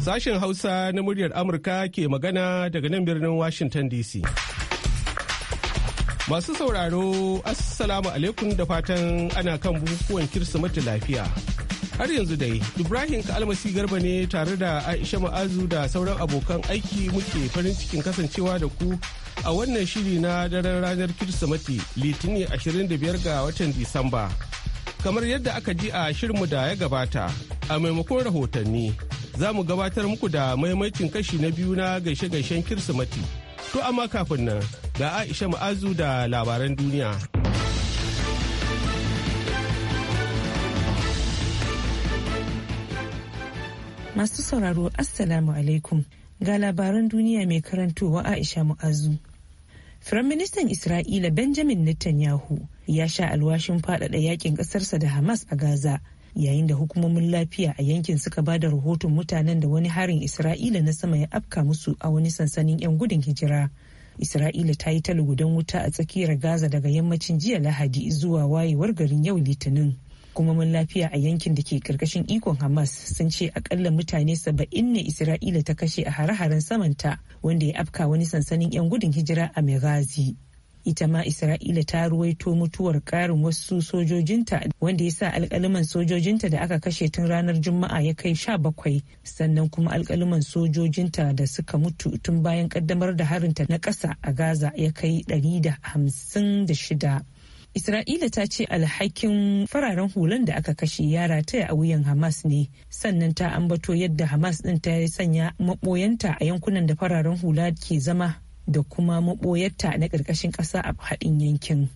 Sashen Hausa na muryar Amurka ke magana daga nan birnin Washington DC. Masu sauraro, Assalamu alaikum da fatan ana kan bukukuwan Kirsimeti lafiya. Har yanzu dai, Ibrahim Kalmasi Garba ne tare da Aisha Ma'azu da sauran abokan aiki muke farin cikin kasancewa da ku a wannan shiri na daren ranar Kirsimeti Litinin 25 ga watan Disamba. Kamar yadda aka ji a shirinmu da ya gabata, a maimakon rahotanni. za mu gabatar muku da maimaitin kashi na biyu na gaishe-gaishen kirsimati to amma kafin nan ga aisha ma'azu da labaran duniya masu sauraro assalamu alaikum ga labaran duniya mai karantowa aisha mu'azu Firaministan Isra'ila Benjamin Netanyahu ya sha alwashin faɗaɗa yakin ƙasarsa da Hamas a Gaza yayin da hukumomin lafiya a yankin suka ba da rahoton mutanen da wani harin isra'ila na sama ya afka musu a wani sansanin 'yan gudun hijira isra'ila ta yi talugudan wuta a tsakiyar gaza daga yammacin jiya lahadi zuwa wayewar garin yau litinin hukumomin lafiya a yankin da ke karkashin ikon hamas sun ce akalla mutane saba'in ne isra'ila ta kashe a hare-haren samanta wanda ya afka wani sansanin 'yan gudun hijira a megazi ita ma isra'ila ta ruwaito mutuwar karin wasu sojojinta wanda ya sa alkaliman sojojinta da aka kashe tun ranar juma'a ya kai sha bakwai sannan kuma alkaliman sojojinta da suka mutu tun bayan kaddamar da harinta na ƙasa a gaza ya kai ɗari da hamsin da shida Isra'ila ta ce alhakin fararen hulan da aka kashe ya rataya a wuyan Hamas ne, sannan ta ambato yadda Hamas ɗin ta sanya maɓoyanta a yankunan da fararen hula ke zama da kuma maɓoyarta na ƙarƙashin ƙasa a haɗin yankin.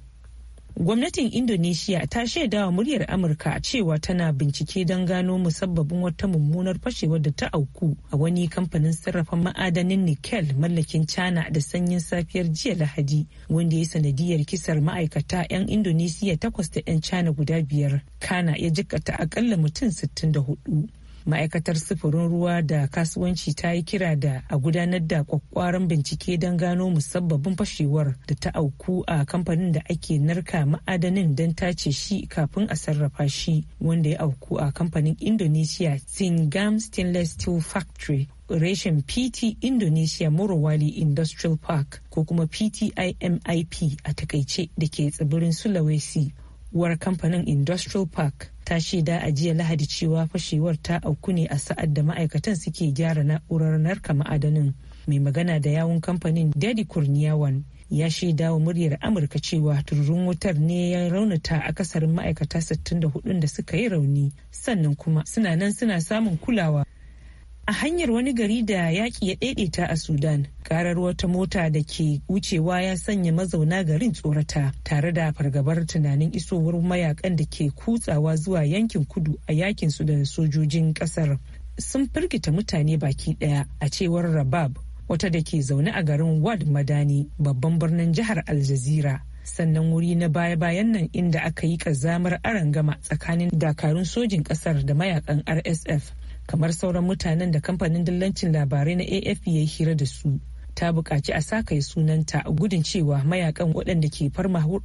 Gwamnatin Indonesia ta shaidawa muryar Amurka cewa tana bincike don gano musabbabin wata mummunar fashewar da ta auku a wani kamfanin sarrafa ma'adanin nickel mallakin China da sanyin safiyar jiya Lahadi wanda ya sanadiyar kisar ma'aikata 'yan Indonesia takwas da 'yan China guda biyar. Kana ya jikkata akalla mutum 64. ma'aikatar sufurin ruwa da kasuwanci ta yi kira da a gudanar da kwakwaran bincike don gano musabbabin fashewar da ta auku a kamfanin da ake narka ma'adanin don tace shi kafin a sarrafa shi wanda ya auku a kamfanin indonesia singam stainless steel factory reshen PT Indonesia Morowali Industrial Park ko kuma PTIMIP a takaice da ke tsibirin Sulawesi uwar kamfanin industrial park ta shaida a jiya lahadi cewa fashewar ta auku ne a sa'ad da ma'aikatan suke gyara na'urar narka ma'adanin mai magana da yawun kamfanin daddy kurniyawan ya shaida wa muryar amurka cewa tururin wutar ne ya raunata a kasarin ma'aikata 64 da suka yi rauni sannan kuma suna nan suna samun kulawa a hanyar wani gari da yaƙi ya ɗaiɗaita a sudan karar wata mota da ke wucewa ya sanya mazauna garin tsorata tare da fargabar tunanin isowar mayakan da ke kutsawa zuwa yankin kudu a yakin su da sojojin ƙasar sun firgita mutane baki ɗaya a cewar rabab wata da ke zaune a garin wad madani babban birnin jihar aljazira sannan wuri na baya-bayan nan inda aka yi kazamar arangama tsakanin dakarun sojin kasar da mayakan rsf kamar sauran mutanen da kamfanin dillancin labarai na afp ya hira da su ta buƙaci a sa kai sunanta gudun cewa mayakan waɗanda ke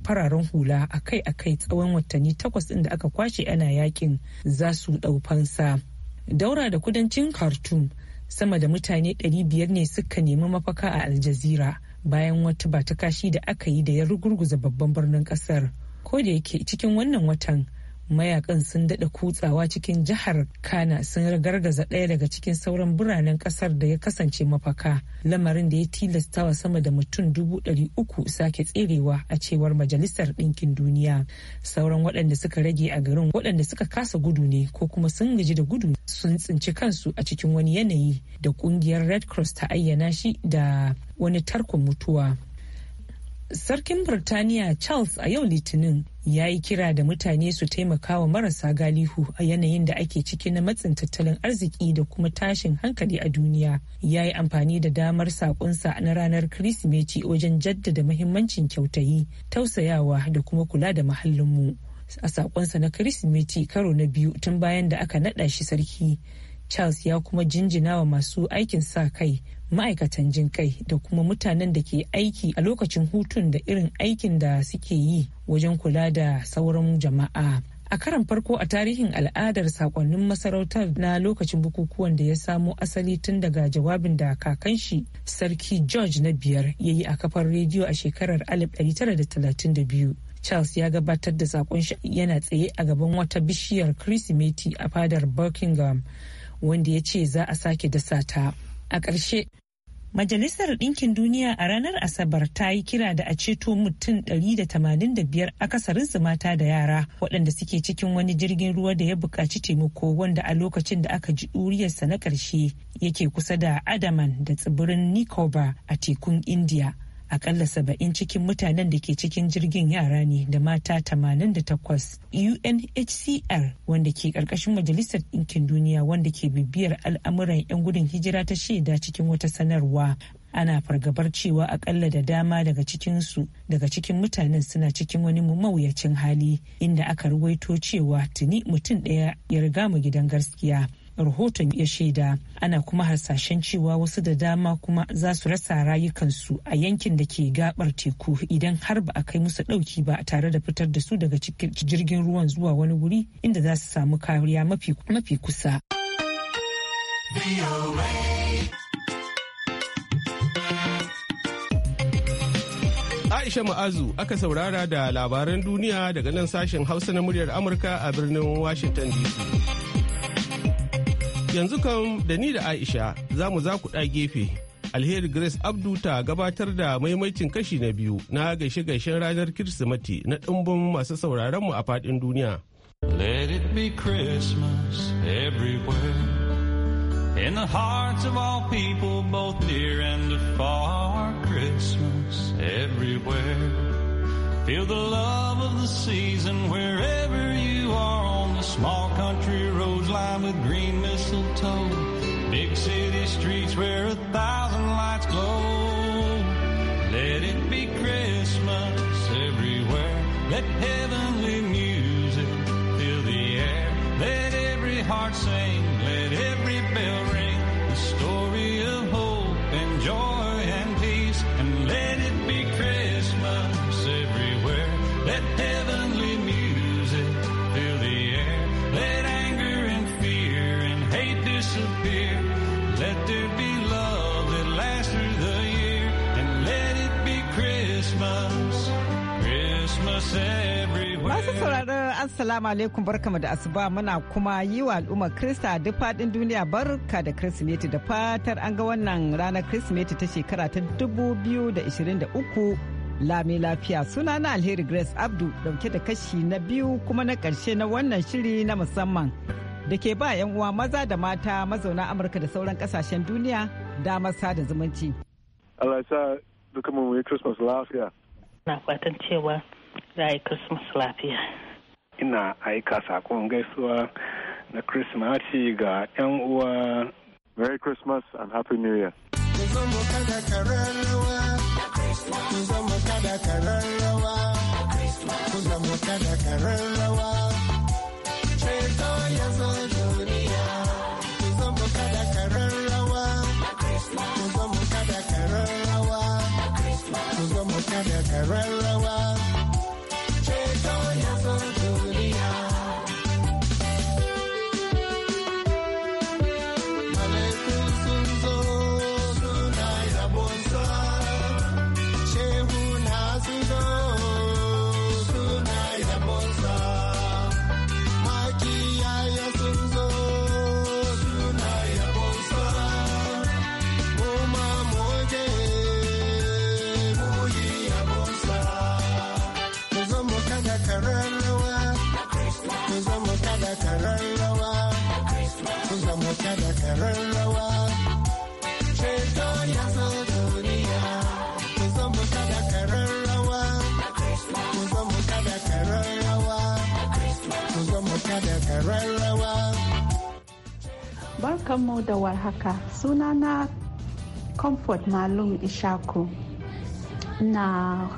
fararen hula akai-akai tsawon watanni takwas ɗin da aka kwashe ana yakin za su ɗau fansa. Daura da kudancin Khartoum sama da mutane 500 ne suka nemi mafaka a Aljazira bayan wata batakashi da aka yi da ya rugurguza babban birnin ƙasar. Ko da yake cikin wannan watan mayakan sun daɗa kutsawa cikin jihar kana sun gargaza ɗaya daga cikin sauran biranen ƙasar da ya kasance mafaka lamarin da ya tilasta wa sama da mutum dubu ɗari uku sake tserewa a cewar majalisar ɗinkin duniya sauran waɗanda suka rage a garin waɗanda suka kasa gudu ne ko kuma sun gaji da gudu sun tsinci kansu a cikin wani yanayi da ƙungiyar red cross ta ayyana shi da wani tarkon mutuwa sarkin birtaniya charles a yau litinin ya yi kira da mutane su taimaka wa marasa galihu a yanayin da ake ciki na matsin tattalin arziki da kuma tashin hankali a duniya ya yi amfani da damar saƙonsa na ranar kirsimeti wajen jaddada mahimmancin kyautayi tausayawa da kuma kula da muhallinmu a saƙonsa na kirsimeti karo na biyu tun bayan da aka naɗa shi sarki charles ya kuma jinjina wa masu aikin sa kai ma'aikatan jin kai da kuma mutanen da ke aiki a lokacin hutun da irin aikin da suke yi wajen kula da sauran jama'a a karan farko a tarihin al'adar sakonnin masarautar na lokacin bukukuwan da ya samo asali tun daga jawabin da kakan shi sarki george na biyar ya yi a kafar rediyo a shekarar 1932 charles ya gabatar da sakon shi yana tsaye a gaban wata bishiyar kirsimeti a fadar buckingham wanda ya ce za a sake dasa ta A ƙarshe, Majalisar Ɗinkin Duniya a ranar Asabar ta yi kira da a ceto mutum 185 akasarinsu mata da yara waɗanda suke cikin wani jirgin ruwa da ya buƙaci taimako wanda a lokacin da aka ji ɗuriyarsa na ƙarshe yake kusa da Adaman da tsibirin Nicobar a tekun India. akalla saba'in cikin mutanen da ke cikin jirgin yara ne da mata tamanin da 88 unhcr wanda ke karkashin majalisar ɗinkin duniya wanda ke bibiyar al'amuran 'yan gudun hijira ta shaida cikin wata sanarwa ana fargabar cewa akalla da dama daga cikinsu daga cikin mutanen suna cikin wani mawuyacin hali inda aka ruwaito cewa tuni mutum ɗaya ya riga mu gidan gaskiya rahoton ya shaida ana kuma hasashen cewa wasu da dama kuma za su rasa rayukansu a yankin da ke gabar teku idan har ba a kai musu dauki ba tare da fitar da su daga jirgin ruwan zuwa wani wuri inda za su samu kariya mafi kusa. Aisha Ma'azu aka saurara da labaran duniya daga nan sashen Hausa na muryar Amurka a birnin Washington DC. Yanzu kan da ni da Aisha za mu za ku ɗa gefe. Alheri Grace Abdu ta gabatar da maimacin kashi na biyu na gaishe-gaishen ranar Kirsimeti na ɗumbin masu sauraron mu a faɗin duniya. Let it be Christmas everywhere in the hearts of all people both near and far. Christmas everywhere. Feel the love of the season wherever you are on the small country road lined with green mistletoe. Big city streets where a thousand lights glow. Let it be Christmas everywhere. Let heavenly music fill the air. Let every heart sing. Assalamu alaikum barkamu da asuba muna kuma yi wa al'ummar Krista duk faɗin duniya barka da Kirsimeti da fatar an ga wannan ranar Kirsimeti ta shekara ta 2023 lami lafiya suna na alheri grace abdu dauke da kashi na biyu kuma na karshe na wannan shiri na musamman da ke ba 'yan uwa maza da mata mazauna amurka da sauran kasashen duniya damar sada zumunci allah sa duka mu yi christmas lafiya na fatan cewa za yi christmas lafiya ina aika sakon gaisuwa na Kirsimati ga 'yan uwa. Merry Christmas and Happy New Year. Barkanmu da warhaka. Sunana Comfort Malum Ishaku. Na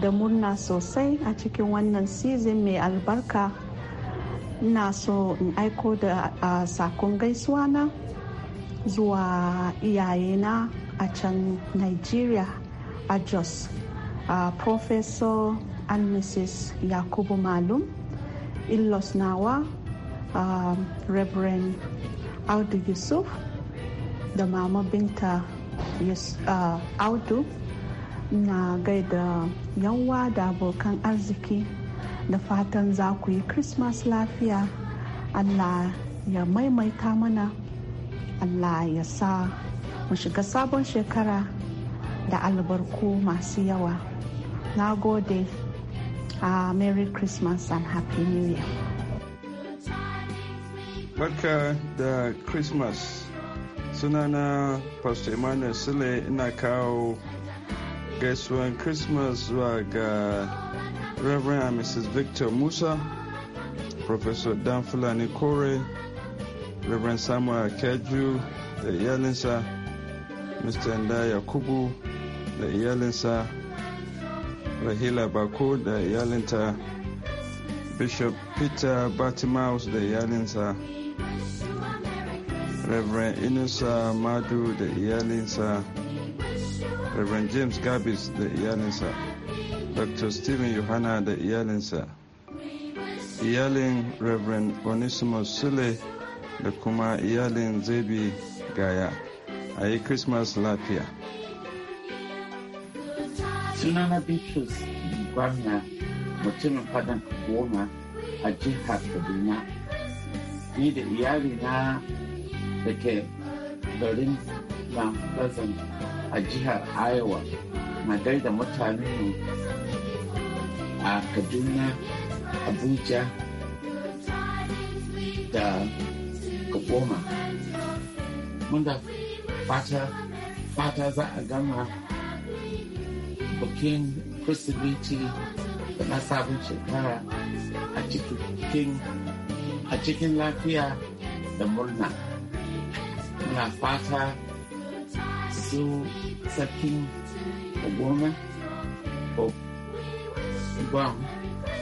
da murna sosai a cikin wannan season mai albarka. na so in aiko da uh, sakon gaisuwa na zuwa iyayena a can Nigeria a Jos. Uh, Professor and Mrs. Yakubu Malum, Illos Nawa, uh, Reverend audu yusuf da mama binta ah, audu na gaida yanwa da abokan arziki da fatan za ku yi christmas lafiya allah ya maimaita mana allah ya sa mu shiga sabon shekara da albarku masu yawa na gode a ah, merry christmas and happy new year Barka da Christmas. Sunana Pastor Emmanuel Sule ina kawo gaisuwan Christmas zuwa ga Reverend and Mrs. Victor Musa, Professor Dan Fulani Kore, Reverend Samuel Keju da iyalinsa, Mr. Nda Yakubu da iyalinsa, Rahila Bako da iyalinta, Bishop Peter Batimaus da iyalinsa. Reverend Inusa Madu da iyalinsa, Reverend James Gabis da iyalinsa, Dr. Stephen Yohana da iyalinsa, iyalin Reverend Onesimus Sule the kuma iyalin Zebi Gaya. A Christmas Latia. Sunana Bitrus Gwamna mutumin fadan goma a jihar Kaduna. iyalina da ke garin Mount Pleasant a jihar Iowa na gaida mutanen a Kaduna, Abuja da Goma. Muna fata fata za a gama bukin Kirsimeti da na sabon shekara a cikin lafiya da murna. muna fata su sarkin goma gwam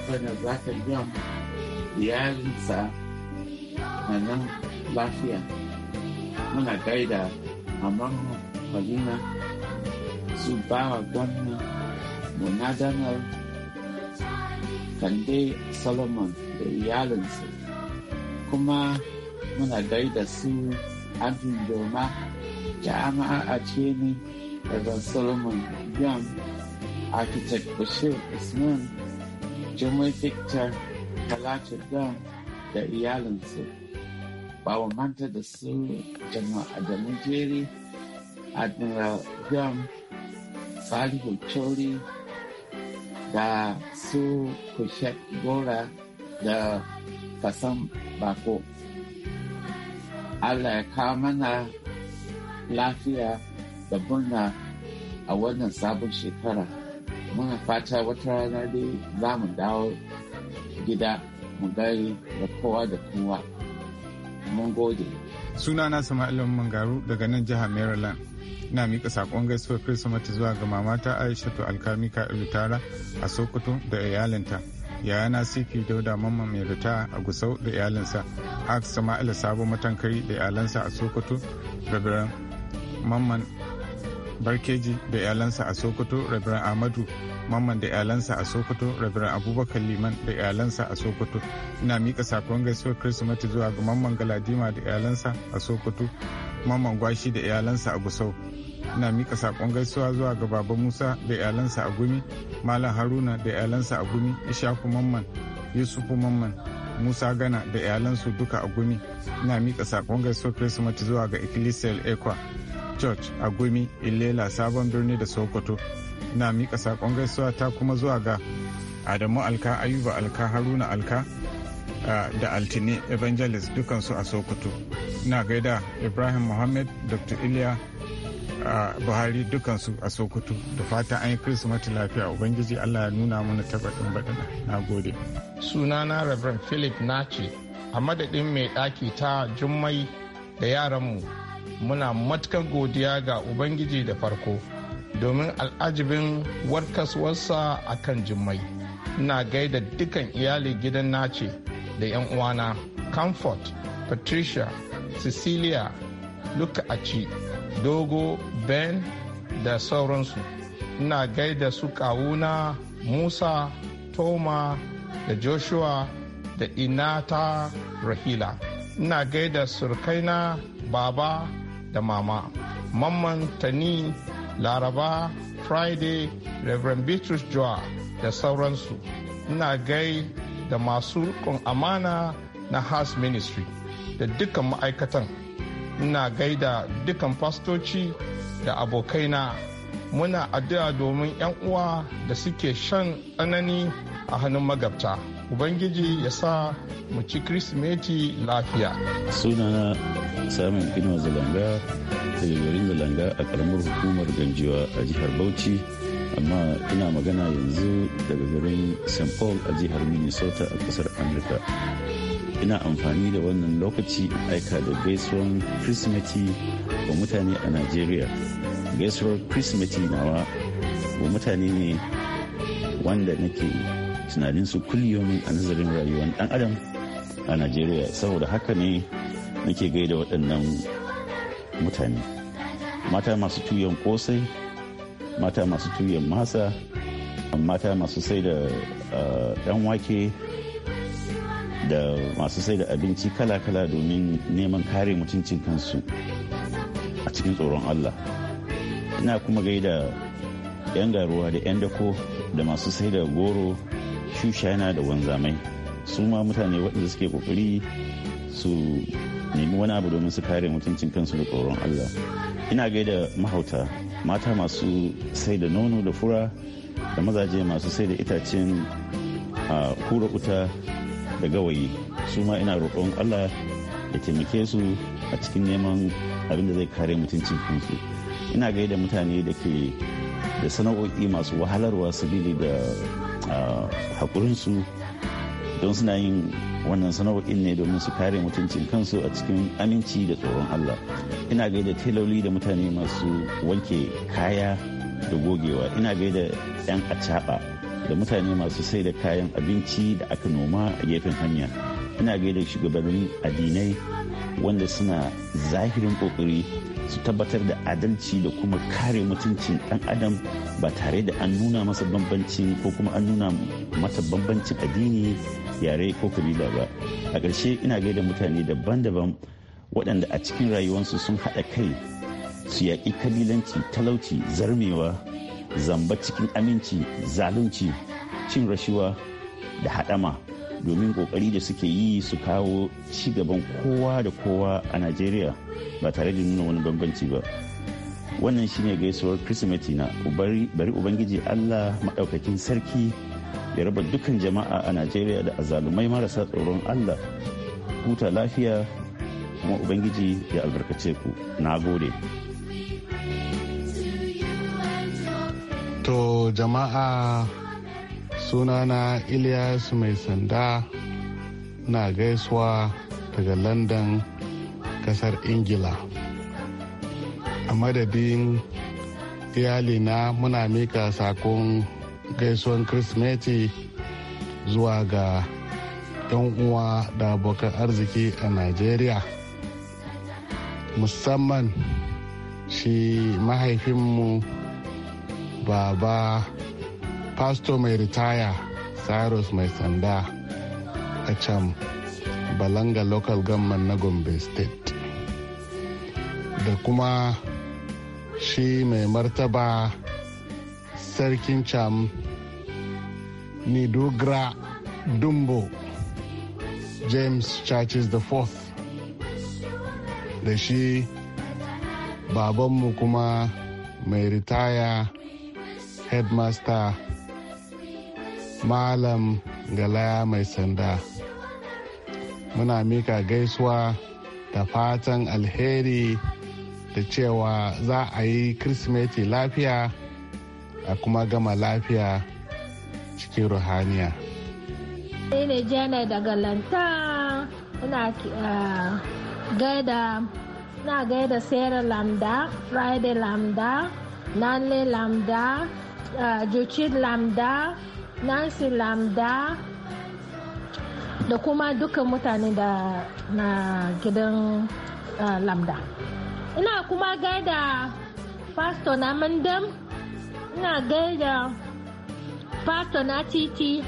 wanda za ka biyan iyalinsa a nan lafiya muna gaida a mamu Madina su bawa gwamna monadanar kande solomon da iyalinsa kuma muna gaida su Abin Doma, Jama'a Acemi, Reverend Solomon Young, Architect Bashir Usman, Jummai Victor, Talatu Don da iyalinsu. Ba wa manta da su jama'a da Mujeri, Admiral Gam, Salihu Chori, da su Kushet Gora da Kasan Bako. Allah ya kawo mana lafiya da murna a wannan sabon shekara muna fata wata rana dai za mu dawo gida mu gari da kowa da kowa mun gode sunana sama'ilin mangaru daga nan jihar maryland ina miƙa saƙon gaisuwar kirsimati zuwa ga mamata to alkamika ilutara a sokoto da iyalinta yayana cp dauda mamman mai rita a gusau da iyalinsa haka sama'ila sabon matankari da iyalansa a sokoto rabiran mamman barkeji da iyalansa a sokoto rabiran amadu mamman da iyalansa a sokoto rabiran abubakar liman da iyalansa a sokoto ina mika sakon gaisuwar kirsimati zuwa ga mamman galadima da iyalansa a sokoto mamman gwashi da iyalansa a gusau na mika sakon gaisuwa zuwa ga baba musa da iyalansa a gumi malam haruna da iyalansa a gumi ishaku mamman yusufu mamman musa gana da iyalansu duka a gumi na mika sakon gaisuwa kirsimati zuwa ga ecclesial equa church a gumi ilela sabon birni da sokoto ina mika sakon gaisuwa ta kuma zuwa ga adamu alka ayuba alka haruna alka da altine evangelist dukansu a sokoto na gaida ibrahim mohammed dr iliya buhari dukansu a sokoto da fata an yi kirsimati lafiya ubangiji allah ya nuna mana tabbatin baɗina na gode sunana reverend philip nace a madadin mai ɗaki ta jummai da yaranmu muna matukar godiya ga ubangiji da farko domin al'ajibin warkaswarsa a kan jummai ina gaida dukan iyali gidan nace da 'yan uwana comfort patricia cecilia luka a ci. dogo ben da sauransu ina gaida su kawuna musa toma da joshua da inata rahila ina gaida surkaina baba da mama mamman tani laraba friday reverend bitrus joa da sauransu ina gai da masu amana na house ministry da dukkan ma'aikatan ina gaida dukan fastoci da abokaina muna addu'a domin 'yan uwa da suke shan tsanani a hannun magabta ubangiji ya sa mu ci kirsimeti lafiya sunana samun ino zalanga daga garin zalanga a karamar hukumar ganjiwa a jihar bauchi amma ina magana yanzu daga garin st paul a jihar minnesota a kasar amurka ina amfani da wannan lokaci aika da gaisuwan kirsimeti ga mutane a najeriya gaisuwar kirsimeti nawa wa mutane ne wanda nake tunanin su kulliyomi a nazarin rayuwar dan adam a najeriya saboda haka ne nake gaida waɗannan mutane mata masu tuyon kosai mata masu tuyon masa mata masu sai da dan ah, wake da masu sai da abinci kala-kala domin neman kare mutuncin kansu a cikin tsoron Allah. Ina kuma gaida 'yan garuwa da 'yan dako da masu sai da goro shushana da wanzamai su ma mutane waɗanda suke ƙoƙari su nemi wani abu domin su kare mutuncin kansu da tsoron Allah. Ina gaida mahauta mata masu sai da nono da fura da mazaje masu sai da itacen kura ah, wuta da gawayi su ma ina roƙon allah ya taimake su a cikin neman abin da zai kare mutuncin kansu ina gaida mutane da ke da sana'o'i masu wahalarwa sabili da haƙurinsu don suna yin wannan sana'o'in ne domin su kare mutuncin kansu a cikin aminci da tsoron allah ina gaida teloli da mutane masu wanke kaya da gogewa ina gaida 'yan acaɓa da mutane masu sai da kayan abinci da aka noma a gefen hanya ina gaida shugabannin addinai wanda suna zahirin kokari su tabbatar da adalci da kuma kare mutuncin dan adam ba tare da an nuna masa bambanci ko kuma an nuna mata bambancin addini yare ko kabila ba a ƙarshe ina gaida mutane daban-daban waɗanda a cikin rayuwarsu sun haɗa kai su yaƙi kabilanci talauci zarmewa zamba cikin aminci zalunci cin rashuwa da haɗama domin ƙoƙari da suke yi su kawo ci gaban kowa da kowa a najeriya ba tare da nuna wani bambanci ba wannan shine gaisuwar kirsimeti na bari ubangiji allah maɗaukakin sarki ya raba dukkan jama'a a najeriya da azalumai marasa tsoron allah huta lafiya kuma ubangiji ya albarkace ku na gode To jama'a sunana Ilyas mai sanda na gaisuwa daga London kasar Ingila. A madadin iyalina muna mika sakon gaisuwan Kirsimeti zuwa ga 'yan uwa da abokan arziki a Najeriya. Musamman shi mahaifinmu baba pastor mai ritaya cyrus mai sanda a can balanga local government na gombe state da kuma shi mai martaba sarkin cham nidogra dumbo james churches the fourth da shi babanmu kuma mai ritaya headmaster malam galaya mai sanda muna mika gaisuwa da fatan alheri da cewa za a yi kirsimeti lafiya a kuma gama lafiya cikin ruhaniya ne jana daga lanta ina eh, gaida na gaida sarah lamda, friday lamda. nanle lambda joce lamda nancy lamda da kuma dukkan mutane da na gidan lamda ina kuma gaida Fasto na mandam ina gaida Fasto na titi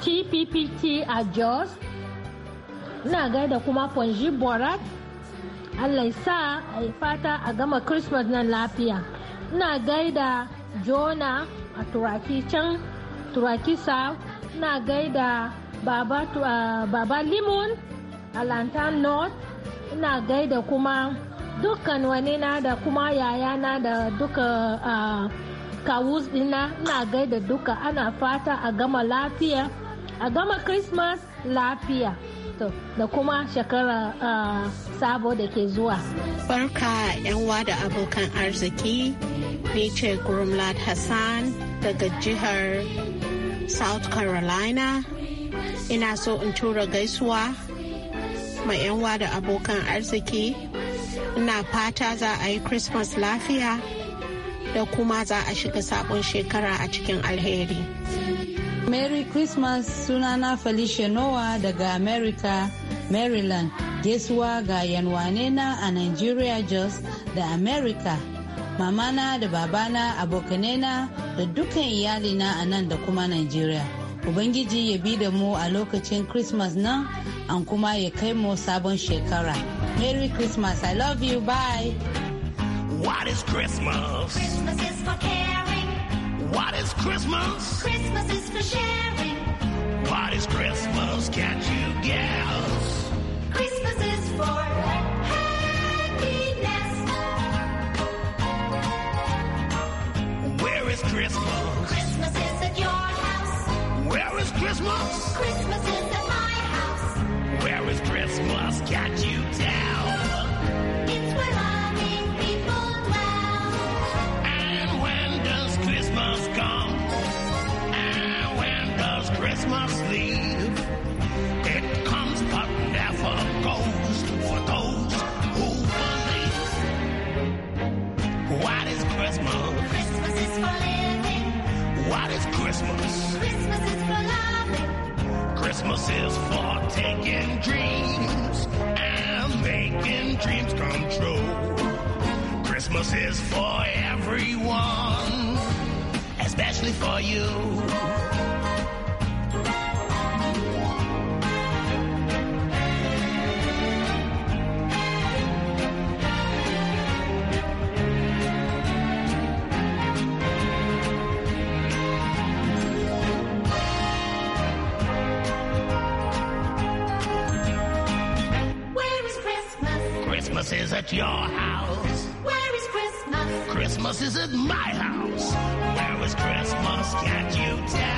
tppt a jos ina gaida kuma ponji borat allah sa a fata a gama christmas nan lafiya ina gaida jona a turaki can turaki south gaida baba, uh, limon a lantan north ina gaida kuma dukkan wani na da kuma yayana da duka uh, kawus dina na gaida duka ana fata a gama lafiya a gama christmas lafiya da kuma shekara uh, sabo da ke zuwa barka yan da abokan arziki Ni ce Gurumlad Hassan daga jihar South Carolina. Ina so in tura gaisuwa mai yanwa da abokan arziki. Ina fata za a yi Christmas lafiya da kuma za a shiga sabon shekara a cikin alheri. Merry Christmas sunana Felicia Noah daga America, Maryland. Gaisuwa ga yanwane na a Nigeria Jos da America mamana da babana abokanena da dukkan iyalina a nan da kuma Najeriya. Ubangiji ya bi da mu a lokacin Christmas nan an kuma ya kai mu sabon shekara. Merry Christmas, I love you, bye! What is Christmas? Christmas is for caring. What is Christmas? Christmas is for sharing. What is Christmas? Can't you guess? your house. Where is Christmas? Christmas is at my house. Where is Christmas? Can't you tell?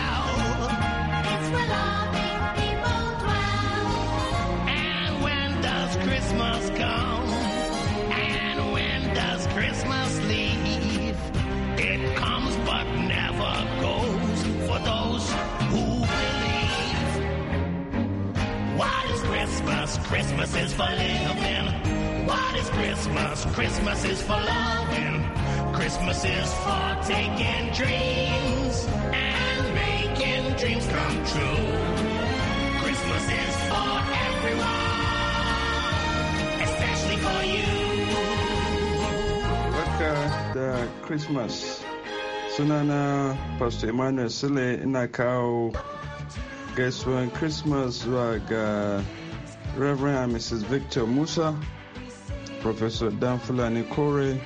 Christmas. Christmas is for loving. Christmas is for taking dreams and making dreams come true. Christmas is for everyone, especially for you. Barka the Christmas. Sunana Pastor Emmanuel Sule ina Guess gaisuwan Christmas zuwa ga Reverend Mrs. Victor Musa Professor Dan Fulani Kore,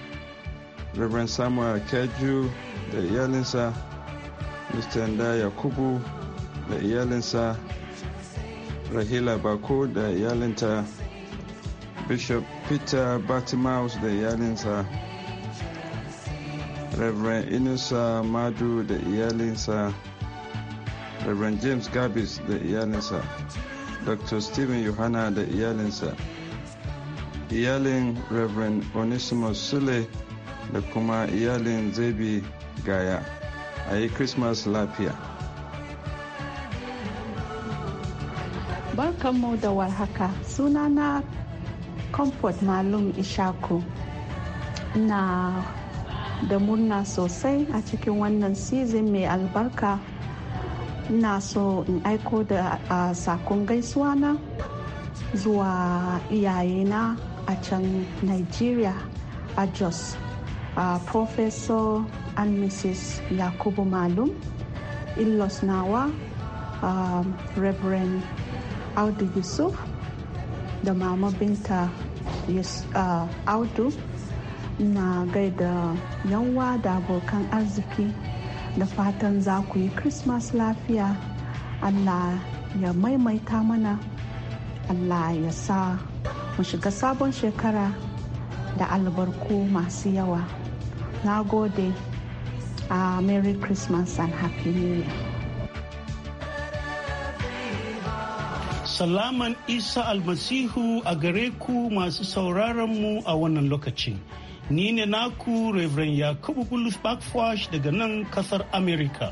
Reverend Samuel Keju the iyalinsa, Mr. Ndaya Yakubu the iyalinsa, Rahila Bako the iyalinta, Bishop Peter Batimaus the iyalinsa, Reverend Inusa Madu the iyalinsa, Reverend James Gabis the iyalinsa, Dr. Stephen Yohana the iyalinsa. iyalin reverend onesimus sule da kuma iyalin zabi gaya a yi christmas lafiya barkanmu da warhaka na comfort malum ishaku na da murna sosai a cikin wannan season mai albarka na so in aiko da sakon gaisuwa na zuwa iyayena a can nigeria a jos a uh, professor and mrs yakubu malum illos nawa a um, reverend audu yusuf da mama binta yes, uh, audu na gaida yanwa da abokan arziki da fatan za ku yi christmas lafiya allah ya maimaita mana allah ya sa mu shiga sabon shekara da albarku masu yawa na gode a ah, merry christmas and happy new year salaman isa almasihu a gare ku masu sauraron mu a wannan lokacin ni ne naku reverend yakubu bulus backfash daga nan kasar america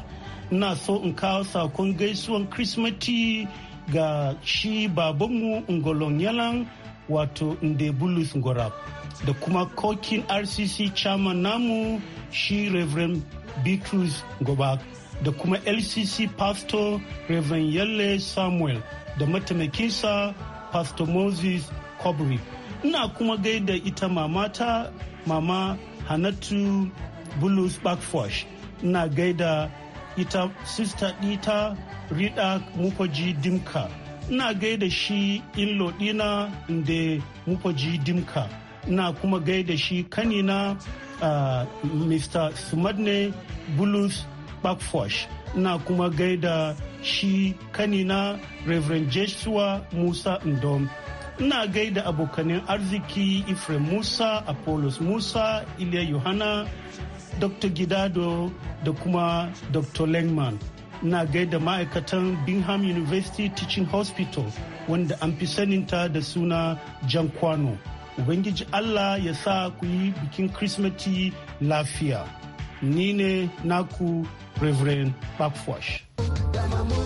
na so in kawo sakon gaisuwan christmas ga shi babanmu ngolon yalan wato Bulus Ngorab da kuma kokin RCC chairman namu shi Reverend Bitrus Gobak da kuma LCC pastor Reverend Yalle Samuel da mataimakinsa Pastor Moses Kobri. Ina kuma gaida ita mamata mama Hanatu Bulus Backfosh. Ina gaida ita sista ɗita Rida Mukoji Dimka. ina gaida shi illo ɗina da mufaji dimka ina kuma gaida shi kanina uh, mr sumadne bulus backfosh ina kuma gaida shi kanina reverend joshua musa ndom ina gaida abokanin arziki ifrem musa apollos musa ilya yohana dr gidado da kuma dr lengman na gaida ma'aikatan Bingham University Teaching Hospital wanda an fi saninta da suna Jan Kwano. Ubangiji Allah ya sa ku yi bikin Kirsimeti lafiya. Ni ne naku Reverend Backwash. Daga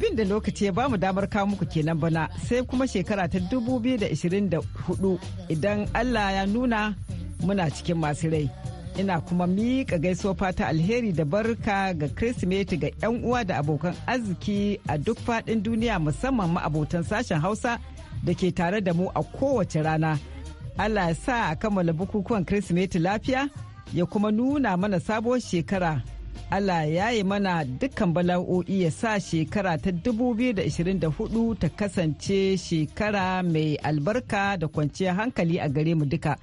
abin da lokaci ya bamu damar kawo muku kenan bana sai kuma shekara ta 2024 idan allah ya nuna muna cikin masu rai ina kuma miƙa gaisuwa fata alheri da barka ga kirsimeti ga 'yan uwa da abokan arziki a duk faɗin duniya musamman ma'abotan sashen hausa da ke tare da mu a kowace rana allah ya sa a kammala bukukuwan kirsimeti lafiya ya kuma nuna mana sabuwar shekara Allah ya yi mana dukkan bala'o'i ya sa shekara ta 2024 ta kasance shekara mai albarka da kwanciyar hankali a gare mu duka.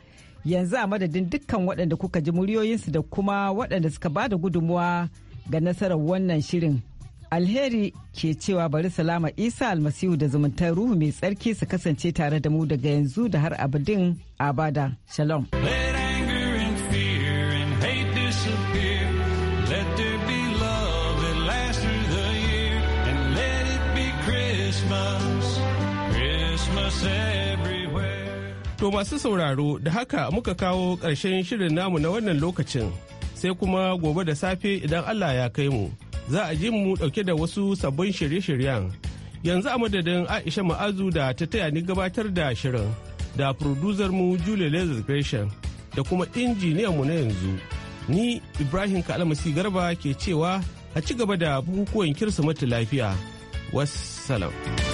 Yanzu a madadin dukkan waɗanda kuka ji muryoyinsu da kuma waɗanda suka ba da gudunmuwa ga nasarar wannan shirin. Alheri ke cewa bari salama Isa almasihu da zumuntar ruhu mai tsarki su kasance tare da mu daga yanzu da har abadin abada. Shalom. Hey! To masu sauraro da haka muka kawo ƙarshen shirin namu na wannan lokacin sai kuma gobe da safe idan Allah ya kai mu za a ji mu ɗauke da wasu sabbin shirye-shiryen. Yanzu a madadin Aisha Ma'azu da ta taya ni gabatar da shirin da producer mu Julie Lazar Gresham da kuma injiniyan mu na yanzu. Ni Ibrahim Kalmasi Garba ke cewa a ci gaba da bukukuwan Kirsimeti lafiya. Wassalam.